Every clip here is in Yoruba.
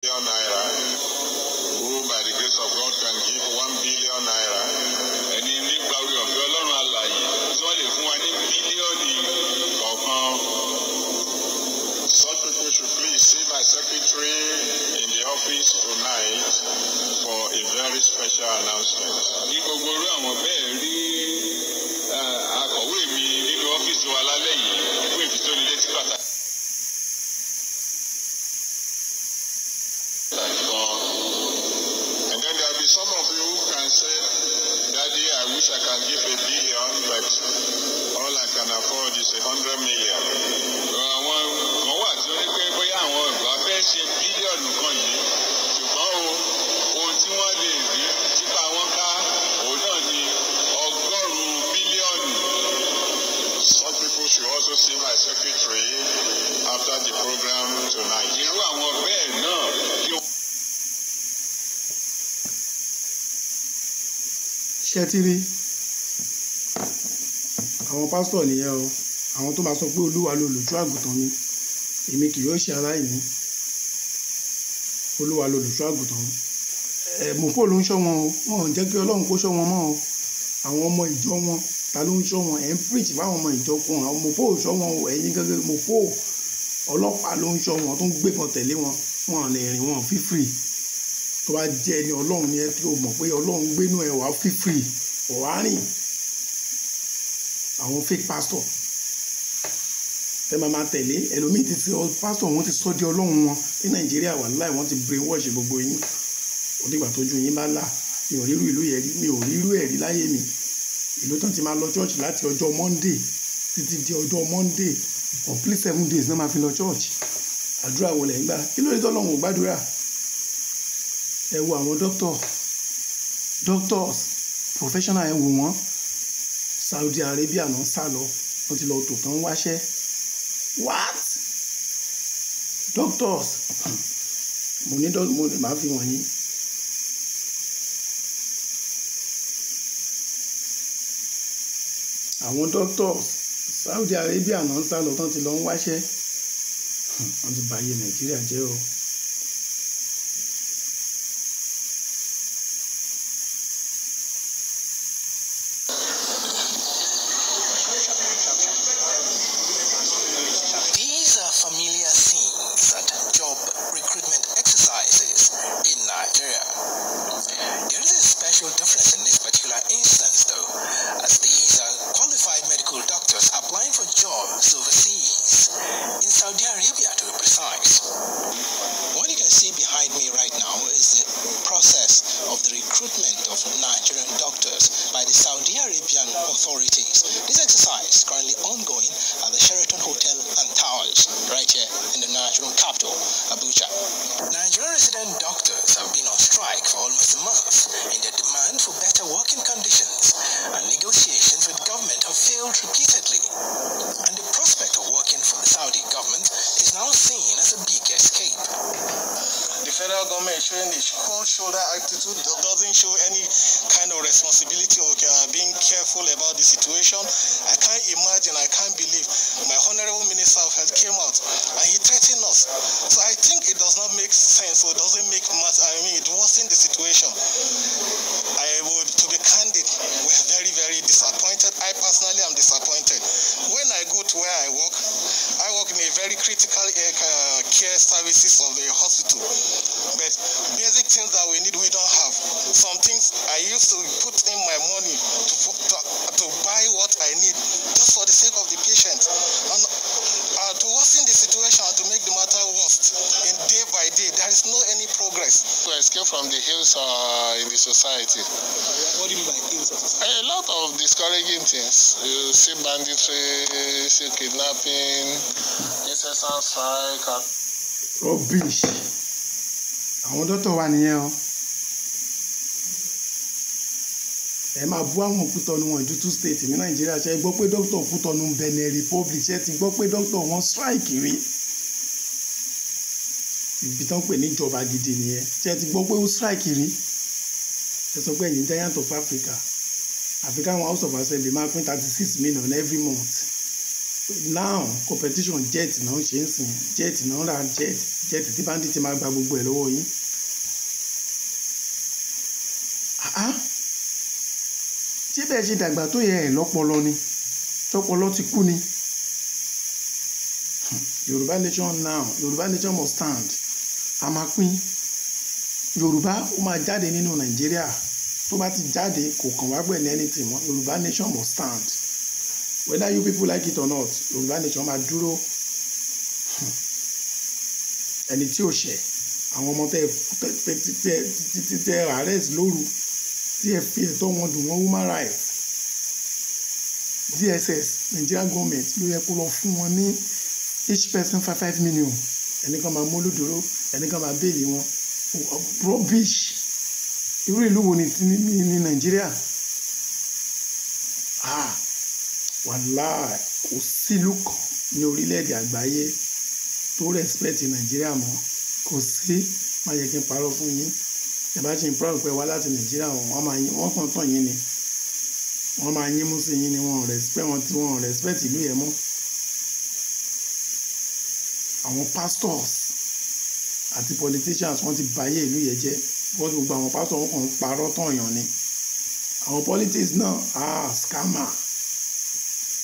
billion naira who by the grace of God can give one billion naira ẹni nípa orí ọ̀fẹ́ ọlọ́run alààyè tí wọ́n lè fún wa ní bílíọ̀nù kọ̀ọ̀kan. Such people should please see my secretary in the office tonight for a very special announcement. Ní gbogbo orú àwọn bẹ́ẹ̀ rí I can give a billion, but all I can afford is a hundred million. Àwọn kan wà tí ó ní pé bóyá àwọn ìgbà fẹ́ ṣe bílíọ̀nù kan yìí, ṣùgbọ́n o, ohun tí wọ́n lè rí títa wọn ká, òun náà ni ọgọ́rùn-ún bílíọ̀nù. Some people should also see my secretary after the program tonight. Irú àwọn bẹ́ẹ̀ náà kí wọ́n. ṣe ti rí àwọn pásítọ̀ nìyẹn o àwọn tó máa sọ pé olúwa lolùṣọ́ àgùntàn mi èmi kì yóò ṣe aláìní olúwa lolùṣọ́ àgùntàn ẹ mọ̀fó ló ń ṣọ́ wọn o wọn ò jẹ́ kí ọlọ́run kó ṣọ́ wọn mọ́ o àwọn ọmọ ìjọ wọn ta ló ń ṣọ́ wọn ẹ̀ ń preach fáwọn ọmọ ìjọ kan àwọn mọ̀fó ò ṣọ́ wọn o ẹ̀yin gẹ́gẹ́ mọ̀fó ọlọ́pàá ló ń ṣọ́ wọn tó ń gbébọn tẹ̀lé wọn wọn lè rìn wọn fífìrì tó bá jẹ́ ẹni ọlọ́run ni ẹ tí mọ̀ pé ọlọ́run gbénú ẹ wá fífìrì ọ̀hárìn àwọn fake pastor ẹ máa máa tẹ̀lé ẹlòmíì ti fi pásítọ̀ wọn ti sọ́ di ọlọ́run wọn ní nàìjíríà wà láì wọ́n ti brain wash gbogbo yín onígbà tójú yín bá là mi ò rírú ìlú yẹn rí mi ò rírú ẹ̀rí láyé mi ìlú tán ti máa lọ church láti ọjọ́ monday títí di ọjọ́ monday complete seven days náà máa fi lọ church àdúrà wọlé ń gbà kí ló dé tọ́lọ́run ò gbàdúrà ẹ wo àwọn doctor doctors professional ẹ wò wọ́n Saudi Arabia náà sá lọ wọ́n ti lọ tò tán wáṣẹ́ what doctors mo ní mo lè má fi wọ̀nyí. àwọn doctors Saudi Arabia náà sá lọ tán ti lọ ń wáṣẹ́ wọ́n ti bàyè Nàìjíríà jẹ́ o. This exercise is currently ongoing at the Sheraton Hotel and Towers, right here in the national capital, Abuja. Nigerian resident doctors have been on strike for almost a month in their demand for better working conditions, and negotiations with government have failed repeatedly. And the prospect of working for the Saudi government is now seen as a big escape. The federal government is showing its not show that attitude, doesn't show any kind of responsibility or uh, being careful about the situation, I can't imagine, I can't believe my Honorable Minister of Health came out and he threatened us. So I think it does not make sense or doesn't make much, I mean, it worsened the situation. I would, to be candid, we're very, very disappointed. I personally am disappointed. When I go to where I work, I work in a very critical uh, care services of the hospital. But basic things that we need, we don't have. Some things I used to put in my money to, to, to buy what I need just for the sake of the patient. And uh, to worsen the situation, to make the matter worse, in day by day, there is no any progress. To escape from the hills uh, in the society. What do you mean by A lot of discouraging things. You see banditry, you eh, see kidnapping, incessant strike. And... Rubbish. Àwọn dọ́tọ̀ wa nìyẹn o. Ẹ máa bú àwọn òkútọ́nu wọn ju two states ní Nàìjíríà ṣe é gbọ́ pé dókítà òkútọ́nu Benin Republic ṣe ti gbọ́ pé dókítà wọn strike rí ibi tán pè níjọba gidi nìyẹn ṣe ti gbọ́ pé ó strike rí ẹ sọ pé ẹ̀yin giant of Africa àfi káwọn house of assembly máa pín thirty six million every month now competition jet náà ń ṣe ń sìn jet náà ra jet jet tí bandit máa gba gbogbo ẹ̀ lọ́wọ́ yín. ṣé bẹ́ẹ̀ ṣe dàgbà tó yẹ ẹ̀ lọ́pọlọ ni tọpọlọ ti kú ni Yorùbá nation now Yorùbá nation must stand a máa pín yorùbá ó máa jáde nínú nàìjíríà tó bá ti jáde kò kàn wá pẹ̀lú anything mọ́ yorùbá nation must stand whether you people like it or not yorùbá nation máa dúró hmm. ẹni tí ò ṣẹ̀ àwọn ọmọ tẹ arrest lóru tí ẹ fi ẹ̀tọ́ wọn dùn wọ́n human rights dss nigeria government ló yẹ kó lọ fún wọn ní each person five five million ẹnìkan máa mú olùdúró ẹnìkan máa béèlì wọn rubbish irú ìlú wo ni ní nàìjíríà ah wàláì kò sílùú kan ní orílẹ̀-èdè àgbáyé tó respect nàìjíríà mọ́ kò sí má yẹ kí n parọ́ fún yín ìbá ṣe ń proud pé wá láti nàìjíríà wọn máa yín wọn kàn tàn yín ni wọn máa yín mú sí yín ni wọn respect wọn tí wọn respect ìlú yẹn mọ́ àwọn pastors àti politicians wọ́n ti báyé ìlú yẹn jẹ́ because gbogbo àwọn pásítọ̀ wọn kàn ń parọ́ tọ̀yàn ni àwọn politics náà ah scammer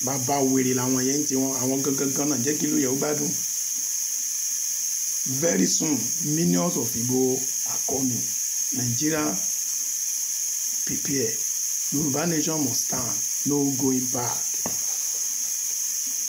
bàbá wèrè làwọn yẹn ń ti wọn àwọn gangan náà jẹ́ kí ìlú yẹn ó gbádùn very soon millions of Igbo are coming Nigeria prepare Yoruba nation must stand no going back.